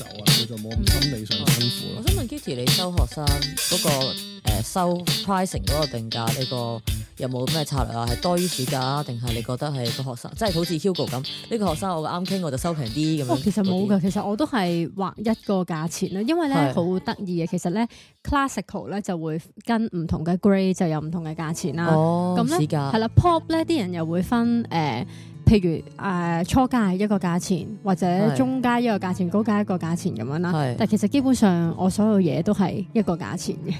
就啊，冇心理上辛苦啦、啊。我想問 Kitty，你收學生嗰、嗰個誒、呃、收 pricing 嗰個定價呢個有冇咩策略啊？係多於市價定係你覺得係個學生，即係好似 Hugo 咁呢、呢個學生，我啱傾我就收平啲咁樣。哦，其實冇噶，些其實我都係劃一個價錢啦，因為咧好得意嘅，其實咧 classical 咧就會跟唔同嘅 grade 就有唔同嘅價錢啦。哦，咁咧市價係啦，pop 咧啲人又會分誒。呃譬如誒初階一個價錢，或者中階一個價錢，是高階一個價錢咁樣啦。是但其實基本上我所有嘢都係一個價錢嘅。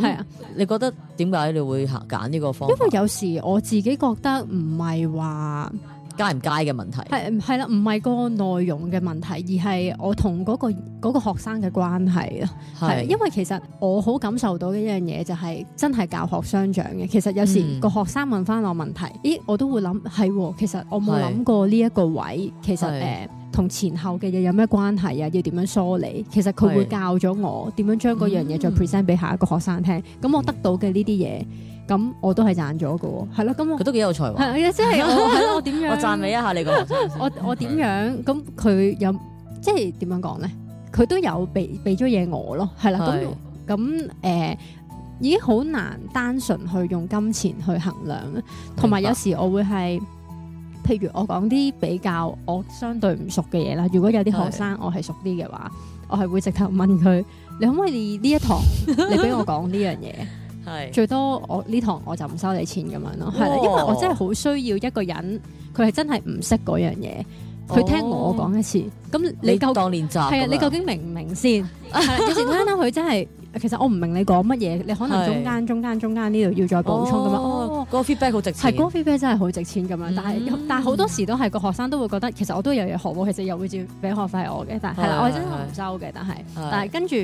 係啊，你覺得點解你會揀呢個方法？因為有時我自己覺得唔係話，介唔介嘅問題，係係啦，唔係個內容嘅問題，而係我同嗰、嗰個嗰、嗰個、學生嘅關係啊。係是因為其實我好感受到嘅一樣嘢就係真係教學相長嘅。其實有時個學生問翻我問題，嗯、咦，我都會諗係喎。其實我冇諗過呢一個位，是其實誒。是呃同前後嘅嘢有咩關係啊？要點樣梳理？其實佢會教咗我點的樣將嗰樣嘢再 present 俾下一個學生聽。咁、嗯、我得到嘅呢啲嘢，咁、嗯、我都係賺咗嘅。係咯，咁佢都幾有才華。係啊，即係、就是、我 我點樣？我讚你一下你個。我我點樣？咁佢的有即係點樣講咧？佢都有俾俾咗嘢我咯。係啦，咁咁誒，已經好難單純去用金錢去衡量。同埋吧有，有時我會係。譬如我講啲比較我相對唔熟嘅嘢啦，如果有啲學生我係熟啲嘅話，是我係會直頭問佢，你可唔可以呢一堂你俾我講呢樣嘢？係 是最多我呢堂我就唔收你錢咁樣咯，係啦、哦，因為我真係好需要一個人，佢係真係唔識嗰樣嘢，佢聽我講一次，咁、哦、你夠當練習係啊？你究竟明唔明先？ 有時啱啱佢真係，其實我唔明你講乜嘢，你可能中間是中間中間呢度要再補充咁樣。哦個 feedback 好值錢，係個 feedback 真係好值錢咁樣、那個嗯，但係但係好多時都係個學生都會覺得其實我都有嘢學喎，其實又會照俾學費我嘅，但係係啦，我真係唔收嘅，但係的但係跟住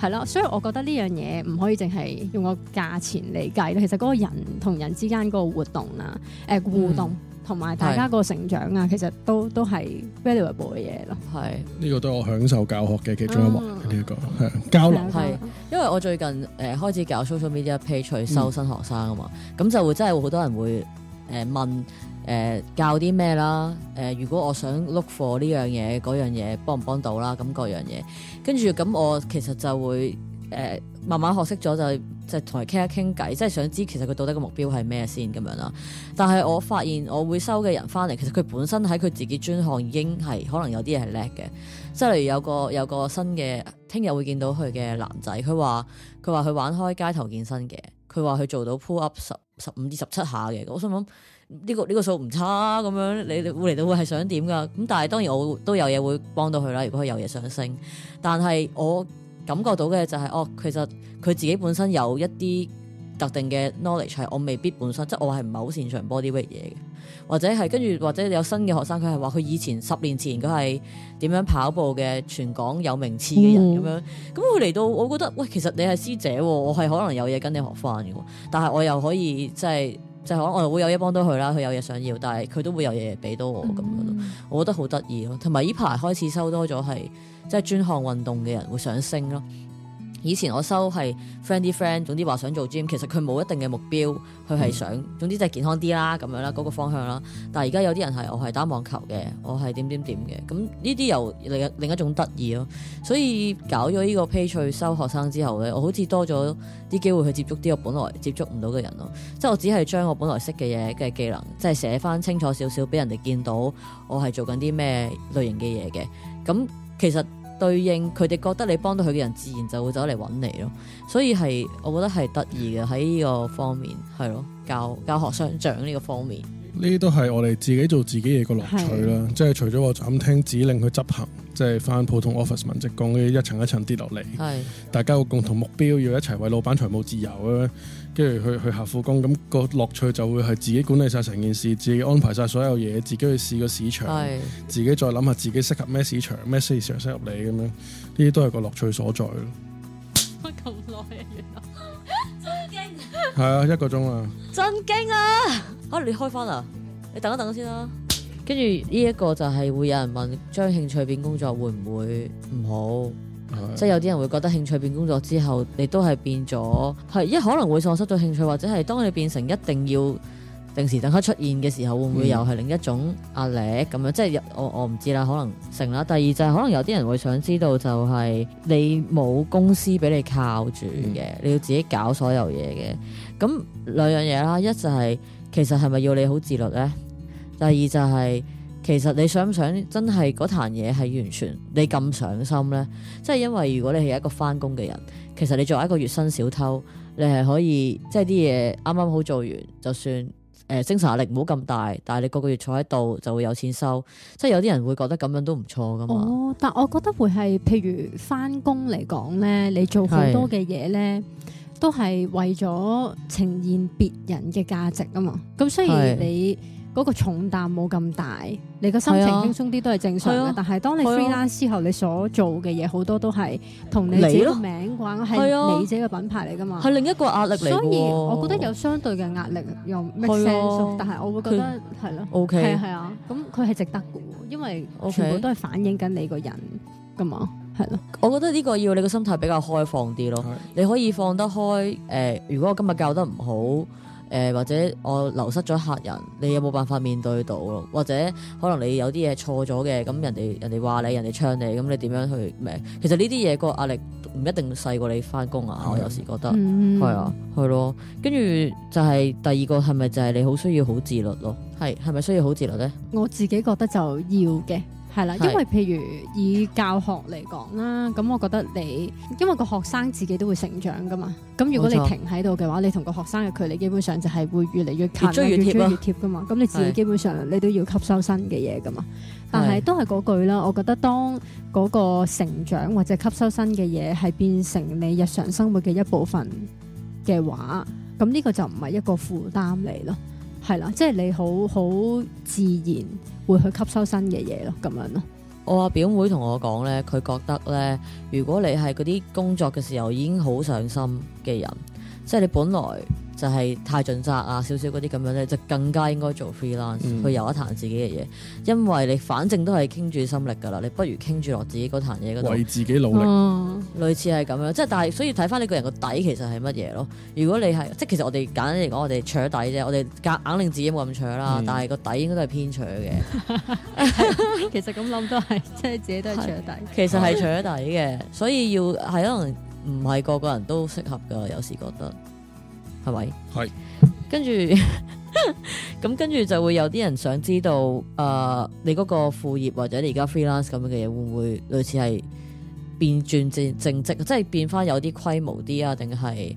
係咯，所以我覺得呢樣嘢唔可以淨係用個價錢嚟計，其實嗰個人同人之間嗰個活動啊，誒、呃、互動。嗯同埋大家個成長啊，是其實都都係 valuable 嘅嘢咯。係呢個都我享受教學嘅其中一呢一、啊這個、啊、 交流的，係因為我最近誒開始搞 social media page 去收新學生啊嘛，咁、嗯、就會真係好多人會誒問誒、呃、教啲咩啦？誒、呃、如果我想 look 課呢樣嘢嗰樣嘢，幫唔幫到啦？咁嗰樣嘢跟住咁，我其實就會誒。呃慢慢學識咗就係就係同佢傾下傾偈，即係想知其實佢到底個目標係咩先咁樣啦。但係我發現我會收嘅人翻嚟，其實佢本身喺佢自己專項已經係可能有啲嘢係叻嘅。即係例如有個有個新嘅，聽日會見到佢嘅男仔，佢話佢話佢玩開街頭健身嘅，佢話佢做到 pull up 十十五至十七下嘅。我想諗呢個呢個數唔差啊，咁樣你會嚟到會係想點㗎？咁但係當然我都有嘢會幫到佢啦。如果佢有嘢上升，但係我。感覺到嘅就係、是、哦，其實佢自己本身有一啲特定嘅 knowledge 係我未必本身，即係 我係唔係好擅長 bodyweight 嘢嘅，或者係跟住或者有新嘅學生佢係話佢以前十年前佢係點樣跑步嘅全港有名次嘅人咁、嗯、樣，咁佢嚟到我覺得喂，其實你係師姐，我係可能有嘢跟你學翻嘅，但係我又可以即係。就是我會有嘢幫到佢啦，佢有嘢想要，但係佢都會有嘢俾到我咁樣、嗯、我覺得好得意咯。同埋依排開始收多咗係即係專項運動嘅人會上升咯。以前我收係 friend 啲 friend，總之話想做 gym，其實佢冇一定嘅目標，佢係想、嗯、總之就係健康啲啦咁樣啦嗰、嗰個方向啦。但係而家有啲人係我係打網球嘅，我係點點點嘅，咁呢啲又另一另一種得意咯。所以搞咗呢個 page 去收學生之後咧，我好似多咗啲機會去接觸啲我本來接觸唔到嘅人咯。即係我只係將我本來識嘅嘢嘅技能，即係寫翻清楚少少俾人哋見到，我係做緊啲咩類型嘅嘢嘅。咁其實。對應佢哋覺得你幫到佢嘅人，自然就會走嚟揾你咯。所以係，我覺得係得意嘅喺呢個方面，係咯，教教學相長呢個方面。呢啲都係我哋自己做自己嘢個樂趣啦，的即係除咗我就咁聽指令去執行。即係返普通 office 文職工嗰一層一層跌落嚟，係是大家個共同目標要一齊為老闆財務自由啊，跟住去去下副工，咁個樂趣就會係自己管理晒成件事，自己安排晒所有嘢，自己去試個市場，係是自己再諗下自己適合咩市場，咩市場適合你咁樣，呢啲都係個樂趣所在咯。咁耐啊？原來震驚，係啊，一個鐘啊，震驚啊！可能你開翻啊？你等一等先啦。跟住呢一個就係會有人問，將興趣變工作會唔會唔好？的即係有啲人會覺得興趣變工作之後，你都係變咗，係一可能會喪失咗興趣，或者係當你變成一定要定時定刻出現嘅時候，會唔會又係另一種壓力咁樣？嗯、即係我我唔知啦，可能成啦。第二就係、是、可能有啲人會想知道，就係你冇公司俾你靠住嘅，嗯、你要自己搞所有嘢嘅，咁兩樣嘢啦。一就係、是、其實係咪要你好自律呢？第二就係、是，其實你想唔想真係嗰壇嘢係完全你咁上心呢？即係因為如果你係一個翻工嘅人，其實你做一個月薪小偷，你係可以即係啲嘢啱啱好做完，就算誒、呃、精神壓力唔好咁大，但係你個個月坐喺度就會有錢收。即係有啲人會覺得咁樣都唔錯噶嘛。哦、但係我覺得會係譬如翻工嚟講呢，你做好多嘅嘢呢，是都係為咗呈現別人嘅價值啊嘛。咁雖然你。嗰個重擔冇咁大，你個心情輕鬆啲都係正常嘅。但係當你 free 啦之後，你所做嘅嘢好多都係同你自己個名關，係你自己嘅品牌嚟㗎嘛。係另一個壓力嚟。所以，我覺得有相對嘅壓力，又 make sense。但係，我會覺得係咯。OK，係啊，咁佢係值得嘅，因為全部都係反映緊你個人㗎嘛。係咯，我覺得呢個要你個心態比較開放啲咯。你可以放得開。誒，如果我今日教得唔好。誒、呃、或者我流失咗客人，你有冇辦法面對到咯？或者可能你有啲嘢錯咗嘅，咁人哋人哋話你，人哋唱你，咁你點樣去咩？其實呢啲嘢個壓力唔一定細過你返工啊！對 我有時覺得，係啊、嗯，係咯。跟住就係第二個係咪就係你好需要好自律咯？係係咪需要好自律咧？我自己覺得就要嘅。係啦，因為譬如以教學嚟講啦，咁我覺得你，因為個學生自己都會成長噶嘛，咁如果你停喺度嘅話，冇錯，你同個學生嘅距離基本上就係會越嚟越近，越追越貼噶嘛。咁你自己基本上你都要吸收新嘅嘢噶嘛。但係都係嗰句啦，我覺得當嗰個成長或者吸收新嘅嘢係變成你日常生活嘅一部分嘅話，咁呢個就唔係一個負擔嚟咯。係啦，即係你好好自然。會去吸收新嘅嘢咯，咁樣咯。我阿表妹同我講咧，佢覺得咧，如果你係嗰啲工作嘅時候已經好上心嘅人，即係你本來。就係太盡責啊，少少嗰啲咁樣咧，就更加應該做 freelance、嗯、去有一壇自己嘅嘢，因為你反正都係傾住心力噶啦，你不如傾住落自己嗰壇嘢嗰度為自己努力，嗯、類似係咁樣，即係但係所以睇翻你個人個底其實係乜嘢咯？如果你係即係其實我哋簡單嚟講，我哋除咗底啫，我哋硬令自己冇咁除啦，嗯、但係個底應該都係偏扯嘅。其實咁諗都係，即係自己都係除咗底。其實係除咗底嘅，所以要係可能唔係個個人都適合噶，有時覺得。係咪？係，是跟住咁，跟住就會有啲人想知道，誒，你嗰個副業或者你而家 freelance 咁樣嘅嘢，會唔會類似係變轉正正職，即係變翻有啲規模啲啊？定係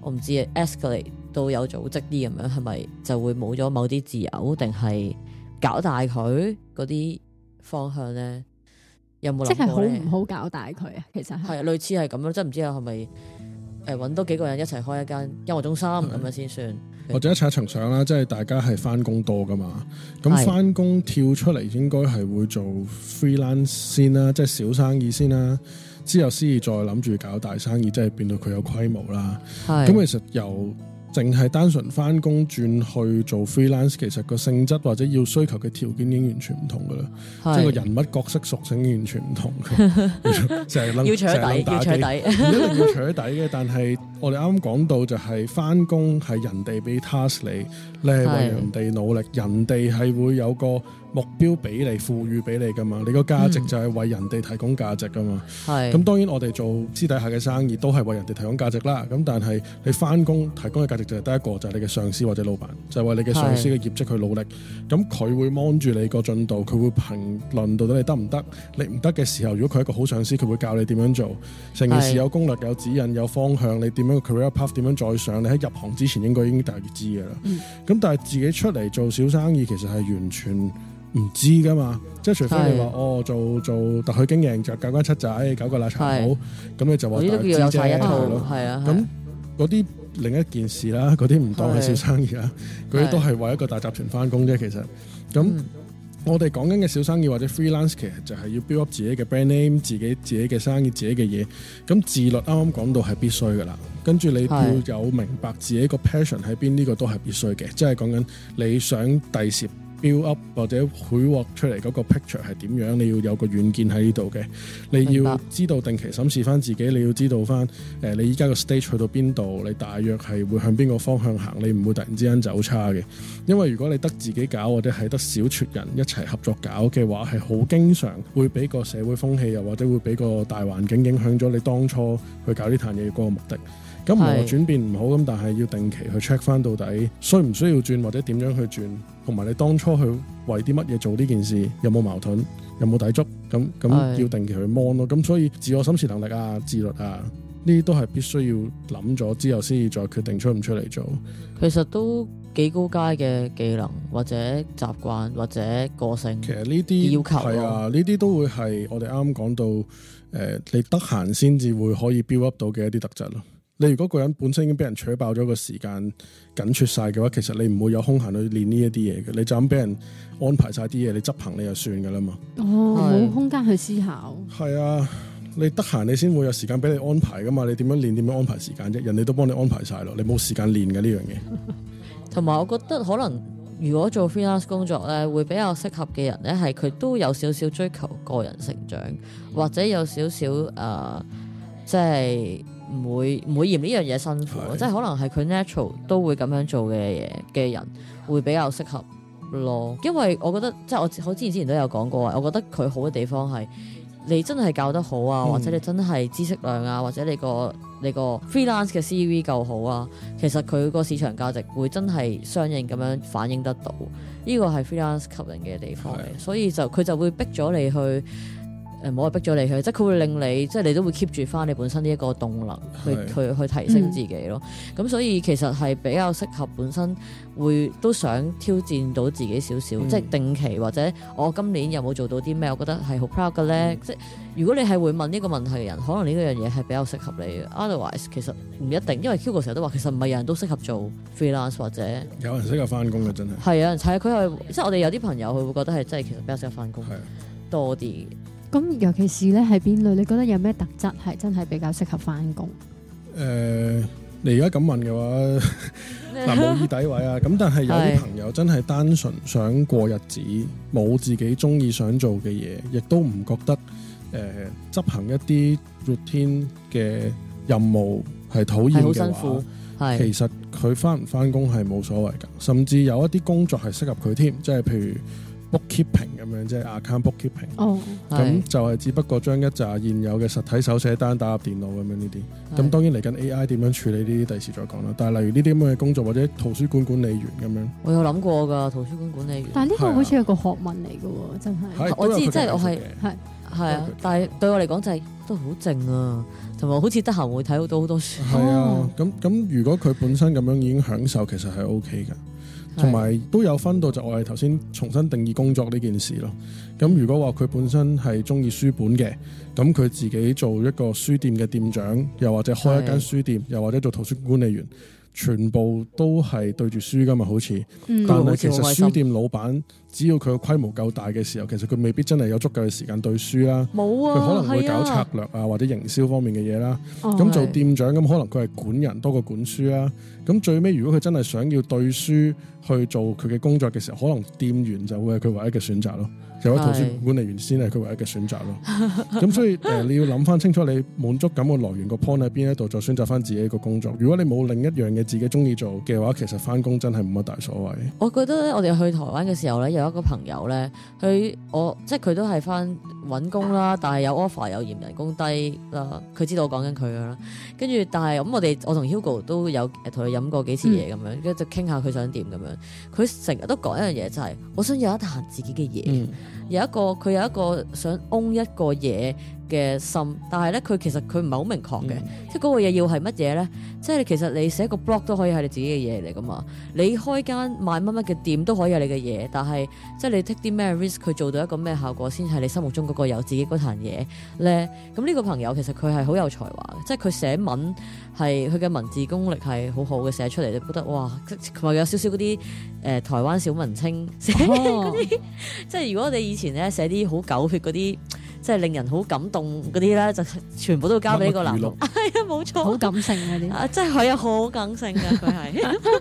我唔知，escalate 都有組織啲咁樣，係咪就會冇咗某啲自由，定係搞大佢嗰啲方向咧？有冇諗即係好唔好搞大佢啊？其實係類似係咁咯，真唔知啊，係咪？誒，揾多幾個人一齊開一間音樂中心咁樣先算，或者一齊層想啦，即係大家係翻工多噶嘛，咁翻工跳出嚟應該係會做 freelance 先啦，即係小生意先啦，之後先而再諗住搞大生意，即係變到佢有規模啦。係咁，其實由。淨係單純返工轉去做 freelance，其實個性質或者要需求嘅條件已經完全唔同㗎喇，是即係個人物角色屬性完全唔同，成日掕成日掕底，唔捉 一定要掕底嘅，但係。我哋啱啱講到就係翻工係人哋俾 task 你，你係為人哋努力，是人哋係會有個目標俾你賦予俾你噶嘛？你個價值就係為人哋提供價值噶嘛？係是。咁當然我哋做私底下嘅生意都係為人哋提供價值啦。咁但係你翻工提供嘅價值就係得一個，就係、是、你嘅上司或者老闆，就係、是、為你嘅上司嘅業績去努力。咁佢是會 mon 住你個進度，佢會評論到底你得唔得？你唔得嘅時候，如果佢係一個好上司，佢會教你點樣做，成件事有攻略、有指引、有方向，你點？咁 career path 點樣再上？你喺入行之前應該已經大略知嘅啦。咁、嗯、但係自己出嚟做小生意，其實係完全唔知噶嘛。即係除非你話對哦，做做特許經營，就搞翻七仔、搞個奶茶鋪，咁是、嗯、你就話有曬一套咯。係啊，咁嗰啲另一件事啦，嗰啲唔當係小生意啦，嗰啲是 都係為一個大集團翻工啫。其實咁。我哋講緊嘅小生意或者 freelance 其實就係要 build up 自己嘅 brand name，自己自己嘅生意，自己嘅嘢。咁自律啱啱講到係必須㗎喇，跟住你要有明白自己個 passion 喺邊，呢、呢個都係必須嘅，即係講緊你想第時。Build up 或者繪畫出嚟嗰個 picture 係點樣？你要有個軟件喺呢度嘅，你要知道定期審視返自己，你要知道返誒、呃、你依家個 stage 去到邊度，你大約係會向邊個方向行，你唔會突然之間走差嘅。因為如果你得自己搞或者係得小撮人一齊合作搞嘅話，係好經常會俾個社會風氣又或者會俾個大環境影響咗你當初去搞呢壇嘢嗰個目的。咁唔係轉變唔好咁，但係要定期去 check 翻，到底需唔需要轉或者點樣去轉，同埋你當初去為啲乜嘢做呢件事，有冇矛盾，有冇抵觸？咁咁要定期去 mon 咯。咁是所以自我審視能力啊、自律啊，呢啲都係必須要諗咗之後，先至再決定出唔出嚟做。其實都幾高階嘅技能或者習慣或者個性，其實呢啲要求係啊，呢啲都會係我哋啱啱講到，誒、呃，你得閒先至會可以 build up 到嘅一啲特質咯。你如果個人本身已經俾人取爆咗個時間緊缺晒嘅話，其實你唔會有空閒去練呢一啲嘢嘅，你就咁俾人安排晒啲嘢，你執行你就算噶啦嘛。哦，係，冇空間去思考。係啊，你得閒你先會有時間俾你安排噶嘛，你點樣練，點樣安排時間啫？人哋都幫你安排晒咯，你冇時間練嘅呢樣嘢。同埋，我覺得可能如果做 freelance 工作咧，會比較適合嘅人咧，係佢都有少少追求個人成長，或者有少少誒，即、呃、係。即係唔會唔會嫌呢樣嘢辛苦，是即係可能係佢 natural 都會咁樣做嘅嘢嘅人，會比較適合咯。因為我覺得，即係我好之前之前都有講過，我覺得佢好嘅地方係，你真係教得好啊，嗯、或者你真係知識量啊，或者你個你個 freelance 嘅 CV 夠好啊，其實佢個市場價值會真係相應咁樣反映得到。呢個係 freelance 吸引嘅地方，是所以就佢就會逼咗你去。誒唔好話逼咗你去，即係佢會令你，即係你都會 keep 住翻你本身呢一個動能去，是去去去提升自己咯。咁、嗯、所以其實係比較適合本身會都想挑戰到自己少少，嗯、即係定期或者我今年有冇做到啲咩，我覺得係好 proud 嘅咧。嗯、即係如果你係會問呢個問題嘅人，可能呢一樣嘢係比較適合你。嘅、嗯。Otherwise 其實唔一定，因為 Kiko 成日都話其實唔係人人都適合做 freelance 或者有人適合翻工嘅真係，係啊，人睇佢係即係我哋有啲朋友佢會覺得係真係其實比較適合翻工多啲。咁尤其是咧，係邊類？你覺得有咩特質係真係比較適合翻工？誒、呃，你而家咁問嘅話，嗱，無意詆毀啊！咁 但係有啲朋友真係單純想過日子，冇自己中意想做嘅嘢，亦都唔覺得誒執、呃、行一啲 routine 嘅任務係討厭辛苦。係其實佢翻唔翻工係冇所謂噶。是甚至有一啲工作係適合佢添，即係譬如。bookkeeping 咁樣即係 account bookkeeping，咁、oh. 就係只不過將一紮現有嘅實體手寫單打入電腦咁樣呢啲，咁當然嚟緊 AI 點樣處理呢啲，第時再講啦。但係例如呢啲咁嘅工作或者圖書館管理員咁樣，我有諗過㗎，圖書館管理員。但係呢個好似係個學問嚟㗎喎，真係。啊、我知真係我係係係啊，但係對我嚟講就係、是、都好靜啊，同埋好似得閒會睇好多好多書。係啊，咁咁、哦、如果佢本身咁樣已經享受，其實係 OK 㗎。同埋都有分到，就我哋頭先重新定義工作呢件事咯。咁如果話佢本身係中意書本嘅，咁佢自己做一個書店嘅店長，又或者開一間書店，是又或者做圖書管理員，全部都係對住書噶嘛？好似，嗯、但係其實書店老闆，只要佢規模夠大嘅時候，其實佢未必真係有足夠嘅時間對書啦。冇啊，佢可能會搞策略啊，啊或者營銷方面嘅嘢啦。咁做店長咁，可能佢係管人多過管書啦。咁最尾，如果佢真係想要對書。去做佢嘅工作嘅時候，可能店員就會係佢唯一嘅選擇咯，就係圖書館管理員先係佢唯一嘅選擇咯。咁 所以誒、呃，你要諗翻清楚，你滿足感嘅來源個 point 喺邊一度，再選擇翻自己個工作。如果你冇另一樣嘢自己中意做嘅話，其實翻工真係冇乜大所謂。我覺得咧，我哋去台灣嘅時候咧，有一個朋友咧，佢我即係佢都係翻揾工啦，但係有 offer 有嫌人工低啦。佢知道我講緊佢嘅啦，跟住但係咁，我哋我同 Hugo 都有同佢飲過幾次嘢，咁、嗯、樣，跟住就傾下佢想點咁樣。佢成日都講一樣嘢，就係、是、我想有一壇自己嘅嘢，嗯、有一個佢有一個想 own 一個嘢嘅心，但係咧，佢其實佢唔係好明確嘅，嗯，即係嗰個嘢要係乜嘢咧？即係你其實你寫個 blog 都可以係你自己嘅嘢嚟噶嘛？你開間賣乜乜嘅店都可以係你嘅嘢，但係即係你 take 啲咩 risk，佢做到一個咩效果先係你心目中嗰個有自己嗰壇嘢咧？咁呢個朋友其實佢係好有才華嘅，即係佢寫文係佢嘅文字功力係好好嘅，寫出嚟你覺得哇，佢話有少少嗰啲誒台灣小文青寫嗰啲。哦、 即係如果你以前咧寫啲好狗血嗰啲。即係令人好感動嗰啲咧，就全部都交俾個男。係、 哎、啊，冇錯。好感性嗰啲。啊，真係可以好感性噶、啊，佢係 他是。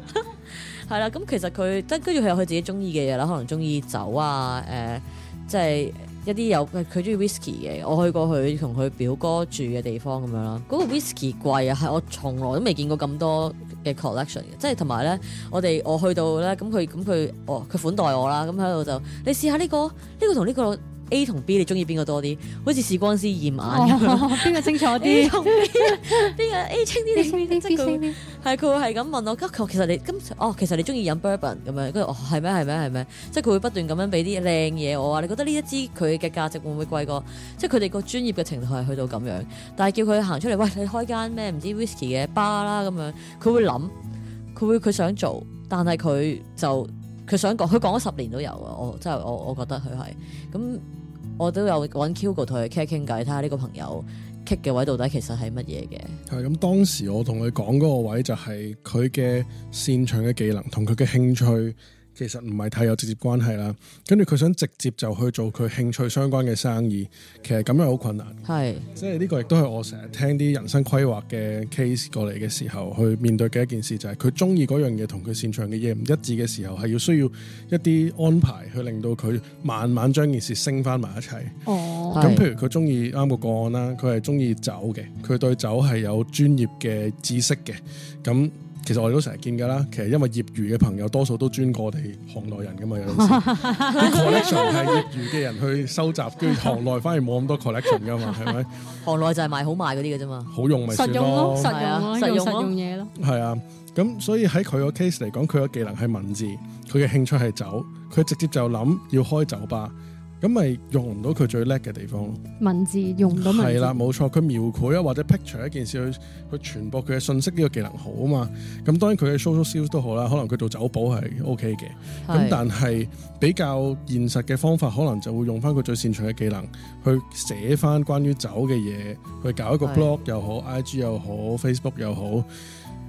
係 啦，咁其實佢跟跟住佢有佢自己中意嘅嘢啦，可能中意酒啊，誒、呃，即、就、係、是、一啲有佢中意 whisky 嘅。我去過佢同佢表哥住嘅地方咁樣啦，嗰、那個 whisky 櫃啊，係我從來都未見過咁多嘅 collection 嘅。即係同埋咧，我哋我去到咧，咁佢咁佢，哦，佢款待我啦，咁喺度就，你試下呢個，呢、這個同呢、這個。A 同 B 你中意邊個多啲？好似視光師驗眼咁，邊、哦、個清楚啲？邊個 A 清啲？邊個 B 清啲？係佢 會係咁問我，佢其實你今哦，其實你中意飲 bourbon 咁樣，跟住哦，係咩？係咩？係咩？即係佢會不斷咁樣俾啲靚嘢我話！你覺得呢一支佢嘅價值會唔會貴過？即係佢哋個專業嘅程度係去到咁樣，但係叫佢行出嚟，喂，你開間咩唔知 whisky 嘅吧啦咁樣，佢會諗，佢會佢想做，但係佢就。佢想講，佢講咗十年都有啊。我即係我，我覺得佢係咁，我都有揾 Hugo 同佢傾傾偈，睇下呢個朋友 kick 嘅位到底其實係乜嘢嘅。係咁，當時我同佢講嗰個位就係佢嘅擅長嘅技能同佢嘅興趣。其實唔係太有直接關係啦，跟住佢想直接就去做佢興趣相關嘅生意，其實咁樣好困難。係，即係呢個亦都係我成日聽啲人生規劃嘅 case 過嚟嘅時候，去面對嘅一件事就係佢中意嗰樣嘢同佢擅長嘅嘢唔一致嘅時候，係要需要一啲安排去令到佢慢慢將件事升翻埋一齊。哦，咁譬如佢中意啱個個案啦，佢係中意酒嘅，佢對酒係有專業嘅知識嘅，咁。其實我哋都成日見㗎啦，其實因為業餘嘅朋友多數都專過我哋行內人㗎嘛，有時啲 collection 係業餘嘅人去收集，跟住行內反而冇咁多 collection 㗎嘛，係咪？行內就係賣好賣嗰啲嘅啫嘛，好用咪算咯，實用咯，實用咯，啊、實用，啊，用實用嘢咯。係啊，咁所以喺佢個 case 嚟講，佢個技能係文字，佢嘅興趣係酒，佢直接就諗要開酒吧。咁咪用唔到佢最叻嘅地方咯，文字用唔到。係啦，冇錯，佢描繪啊，或者 picture 一件事去去傳播佢嘅信息呢個技能好啊嘛。咁當然佢嘅 social sales 都好啦，可能佢做酒保係 OK 嘅。咁的但係比較現實嘅方法，可能就會用翻佢最擅長嘅技能去寫翻關於酒嘅嘢，去搞一個 blog 又好，IG 又好，Facebook 又好。的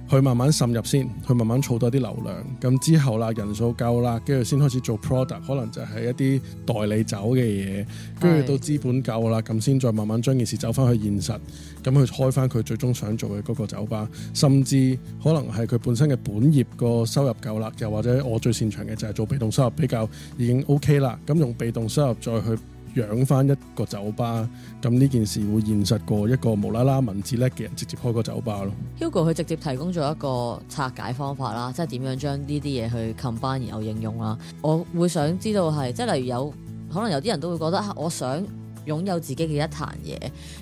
去慢慢滲入先，去慢慢儲多啲流量，咁之後啦，人數夠啦，跟住先開始做 product，可能就係一啲代理酒嘅嘢，跟住到資本夠啦，咁先對再慢慢將件事走翻去現實，咁去開翻佢最終想做嘅嗰個酒吧，甚至可能係佢本身嘅本業個收入夠啦，又或者我最擅長嘅就係做被動收入比較已經 OK 啦，咁用被動收入再去。養返一個酒吧，咁呢件事會現實過一個無啦啦文字叻嘅人直接開個酒吧咯。Hugo 佢直接提供咗一個拆解方法啦，即係點樣將呢啲嘢去 combine 然後應用啦。我會想知道係即係例如有可能有啲人都會覺得啊，我想擁有自己嘅一壇嘢，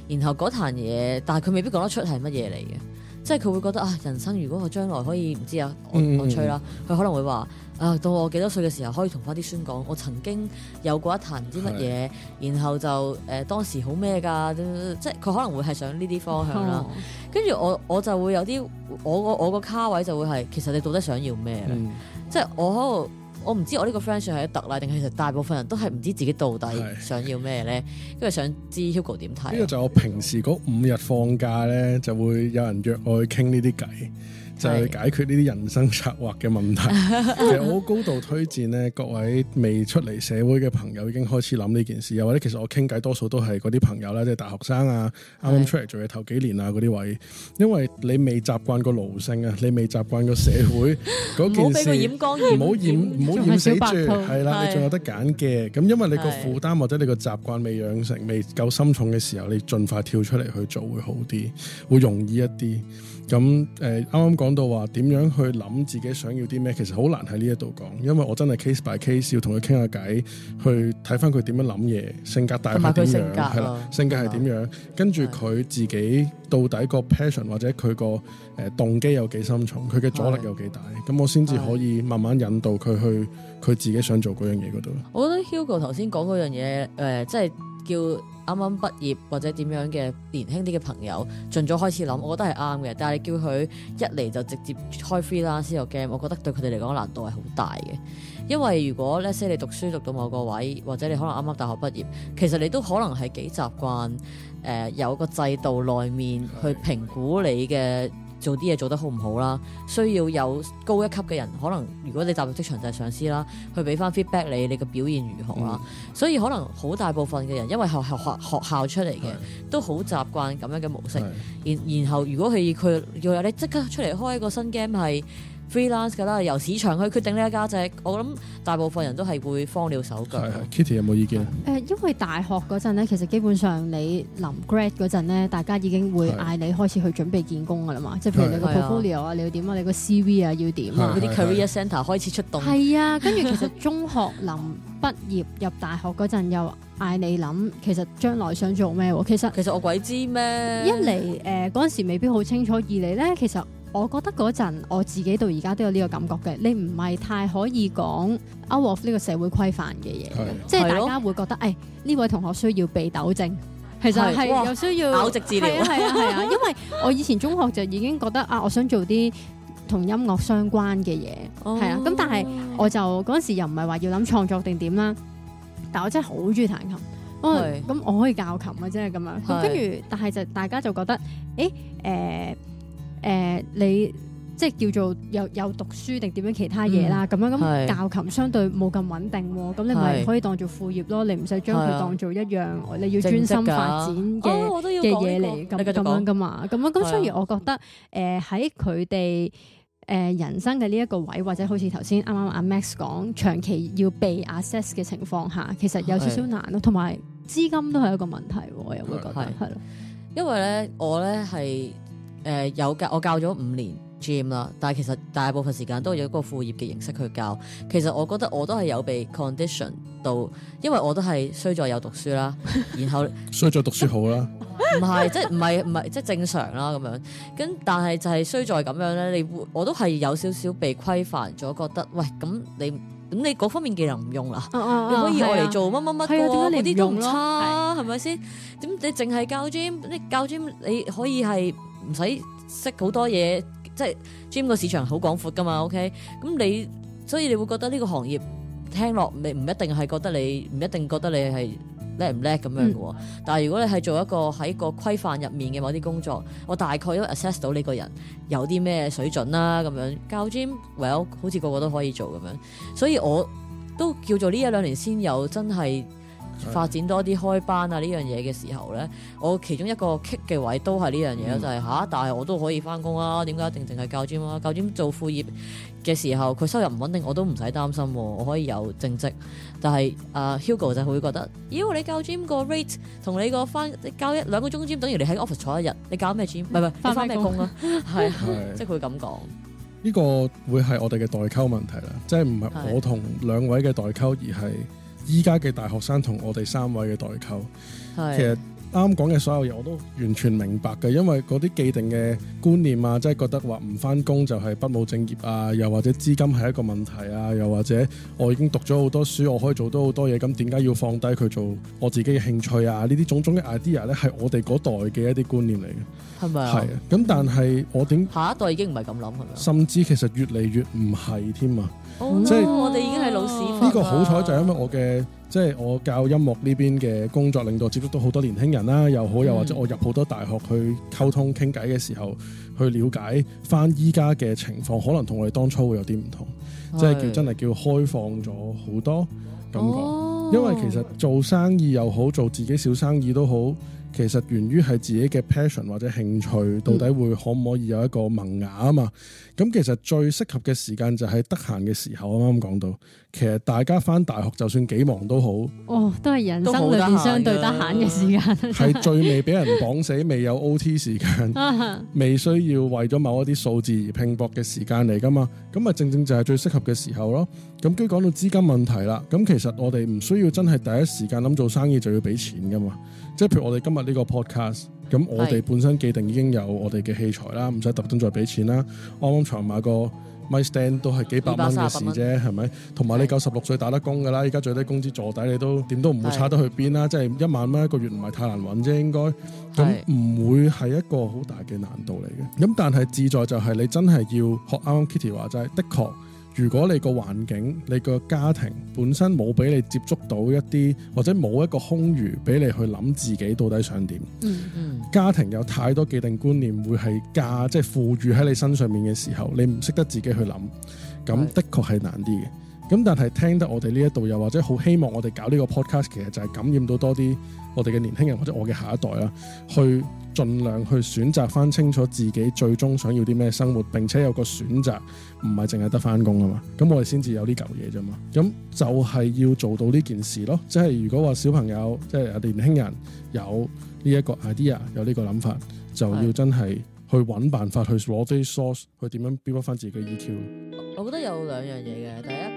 然後嗰壇嘢，但係佢未必講得出係乜嘢嚟嘅，即係佢會覺得啊，人生如果我將來可以唔知啊，我我吹啦，佢、嗯、可能會話。啊，到我幾多歲嘅時候可以同翻啲孫講，我曾經有過一壇唔知乜嘢，是的 然後就誒、呃、當時好咩噶，即係佢可能會係想呢啲方向啦。跟住、嗯、我我就會有啲我個我個卡位就會係其實你到底想要咩、嗯、即係我我唔知我呢個 friend 想喺一特例啦，定係其實大部分人都係唔知自己到底想要咩咧？跟住是的 想知 Hugo 點睇？呢個就我平時嗰五日放假咧，就會有人約我去傾呢啲偈。就係解決呢啲人生策劃嘅問題。 其實我好高度推薦咧，各位未出嚟社會嘅朋友已經開始諗呢件事，又或者其實我傾偈多數都係嗰啲朋友啦，即係大學生啊，啱啱是出嚟做嘢頭幾年啊嗰啲位，因為你未習慣個奴性啊，你未習慣個社會嗰件事，唔好俾佢染光，唔好染，唔好染死住，係啦，是你仲有得揀嘅。咁因為你個負擔或者你個習慣未養成，未是夠深重嘅時候，你盡快跳出嚟去做會好啲，會容易一啲。咁誒啱啱講到話點樣去諗自己想要啲咩，其實好難喺呢一度講，因為我真係 case by case 要同佢傾下偈，去睇翻佢點樣諗嘢，性格大係點樣，係啦，性格係點樣，嗯、跟住佢自己到底個 passion 或者佢個誒動機有幾深重，佢嘅阻力有幾大，咁的我先至可以慢慢引導佢去佢自己想做嗰樣嘢嗰度。我覺得 Hugo 頭先講嗰樣嘢誒，即、呃、係。叫啱啱畢業或者點樣嘅年輕啲嘅朋友，盡早開始諗，我覺得係啱嘅。但係你叫佢一嚟就直接開 freelance 個 game，我覺得對佢哋嚟講難度係好大嘅。因為如果 let's say 你讀書讀到某個位，或者你可能啱啱大學畢業，其實你都可能係幾習慣誒、呃、有個制度內面去評估你嘅。做啲嘢做得好唔好啦，需要有高一級嘅人，可能如果你踏入職場就係上司啦，去俾翻 feedback 你，你嘅表現如何啦，嗯、所以可能好大部分嘅人，因為學學學學校出嚟嘅，都好習慣咁樣嘅模式。然、嗯、然後如果係佢要有你即刻出嚟開一個新 game 係。freelance 噶啦，ance，由市場去決定呢一家隻。我諗大部分人都係會慌了手腳。的 Kitty 有冇意見？誒、呃，因為大學嗰陣咧，其實基本上你臨 grad 嗰陣咧，大家已經會嗌你開始去準備見工噶啦嘛。的即係譬如你個 portfolio 啊，你要點啊？的你個 CV 啊，要點啊？嗰啲 career centre 開始出動。係啊的，跟住其實中學臨畢業入大學嗰陣，又嗌你諗，其實將來想做咩？其實其實我鬼知咩？一嚟誒嗰陣時未必好清楚，二嚟咧其實。其實我覺得嗰陣我自己到而家都有呢個感覺嘅，你唔係太可以講 out of 呢個社會規範嘅嘢，的即係大家會覺得誒呢的、哎、位同學需要被糾正，其實係又需要矯直治療，係啊係啊，因為我以前中學就已經覺得啊，我想做啲同音樂相關嘅嘢，係啊，咁、哦、但係我就嗰陣時又唔係話要諗創作定點啦，但係我真係好中意彈琴，咁、啊、的我可以教琴嘅啫咁樣，跟住的但係就大家就覺得誒誒。欸欸欸欸欸誒，你即係叫做有有讀書定點樣其他嘢啦，咁樣咁教琴相對冇咁穩定喎，咁你咪可以當做副業咯，你唔使將佢當做一樣你要專心發展嘅嘅嘢嚟咁咁樣噶嘛，咁樣咁雖然我覺得誒喺佢哋誒人生嘅呢一個位或者好似頭先啱啱阿 Max 講長期要被 assess 嘅情況下，其實有少少難咯，同埋資金都係一個問題，我又會覺得係咯，因為咧我咧係。誒、呃，有教我教咗五年 gym 啦，但係其實大部分時間都係一個副業嘅形式去教。其實我覺得我都係有被 condition 到，因為我都係衰在有讀書啦，然後衰在 讀書好啦 唔係即係唔係唔係即係正常啦咁樣。咁但係就係衰在咁樣咧，你我都係有少少被規範咗，覺得喂咁你咁你嗰方面技能唔用啦，你可以用嚟做乜乜乜，點解你啲都唔差係咪先？點你淨係教 gym？你教 gym 你可以係。唔使識好多嘢，即係 gym 個市場好廣闊噶嘛，OK？咁你所以你會覺得呢個行業聽落，你唔一定係覺得你唔一定覺得你係叻唔叻咁樣嘅喎。嗯、但係如果你係做一個喺個規範入面嘅某啲工作，我大概因為 assess 到你個人有啲咩水準啦咁樣教 gym，well 好似個個都可以做咁樣。所以我都叫做呢一兩年先有真係發展多啲開班啊呢樣嘢嘅時候咧，我其中一個 kick 嘅位都係呢樣嘢就係、是、吓、啊。但係我都可以翻工啊。點解一定淨係教 gym 啊？教 gym 做副業嘅時候，佢收入唔穩定，我都唔使擔心、啊，我可以有正職。但係啊、呃、Hugo 就會覺得，咦，你教 gym 個 rate 同你個翻教一兩個鐘 gym 等於你喺 office 坐一日，你教咩 gym？唔係唔係，你翻咩工啊？係啊，即係佢會咁講。呢個會係我哋嘅代溝問題啦，即係唔係我同兩位嘅代溝而係。依家嘅大學生同我哋三位嘅代溝，是其實。啱啱講嘅所有嘢我都完全明白嘅，因為嗰啲既定嘅觀念啊，即係覺得話唔翻工就係不務正業啊，又或者資金係一個問題啊，又或者我已經讀咗好多書，我可以做到好多嘢，咁點解要放低佢做我自己嘅興趣啊？呢啲種種嘅 idea 咧，係我哋嗰代嘅一啲觀念嚟嘅，係咪啊？係啊，咁但係我點下一代已經唔係咁諗係咪？甚至其實越嚟越唔係添啊！即係我哋已經係老屎忽。呢個好彩就因為我嘅。即係我教音樂呢邊嘅工作，令到接觸到好多年輕人啦，又好又或者我入好多大學去溝通傾偈嘅時候，去了解翻依家嘅情況，可能同我哋當初會有啲唔同，是即係叫真係叫開放咗好多感覺。哦、因為其實做生意又好，做自己小生意都好。其實源於係自己嘅 passion 或者興趣，到底會可唔可以有一個萌芽啊嘛？咁、嗯、其實最適合嘅時間就係得閒嘅時候，我啱啱講到，其實大家返大學就算幾忙都好，哦，都係人生裏面相對得閒嘅時間，係最未俾人綁死， 未有 OT 時間， 未需要為咗某一啲數字而拼搏嘅時間嚟噶嘛？咁啊正正就係最適合嘅時候咯。咁跟住講到資金問題啦，咁其實我哋唔需要真係第一時間諗做生意就要俾錢噶嘛？即係譬如我哋今日。呢個 podcast，咁我哋本身既定已經有我哋嘅器材啦，唔使特登再俾錢啦。我啱啱先買個 mic stand 都係幾百蚊嘅事啫，係咪？同埋你夠十六歲打得工㗎啦，依家是最低工資坐底，你都點都唔會差得去邊啦。即係一萬蚊一個月唔係太難揾啫，應該咁唔會係一個好大嘅難度嚟嘅。咁是但係志在就係你真係要學啱。Kitty 話就係，的確。如果你個環境、你個家庭本身冇俾你接觸到一啲，或者冇一個空餘俾你去諗自己到底想點，嗯嗯、家庭有太多既定觀念會係㗎，即係賦予喺你身上面嘅時候，你唔識得自己去諗，咁的確係難啲嘅。咁但係聽得我哋呢一度，又或者好希望我哋搞呢個 podcast，其實就係感染到多啲我哋嘅年輕人或者我嘅下一代啦，去盡量去選擇翻清楚自己最終想要啲咩生活，並且有個選擇，唔係淨係得翻工啊嘛。咁我哋先至有呢舊嘢啫嘛。咁就係要做到呢件事咯。即係如果話小朋友即係、就是、年輕人有呢一個 idea，有呢個諗法，就要真係去揾辦法去攞啲 source，去點樣 build 翻自己嘅 EQ。我覺得有兩樣嘢嘅，第一。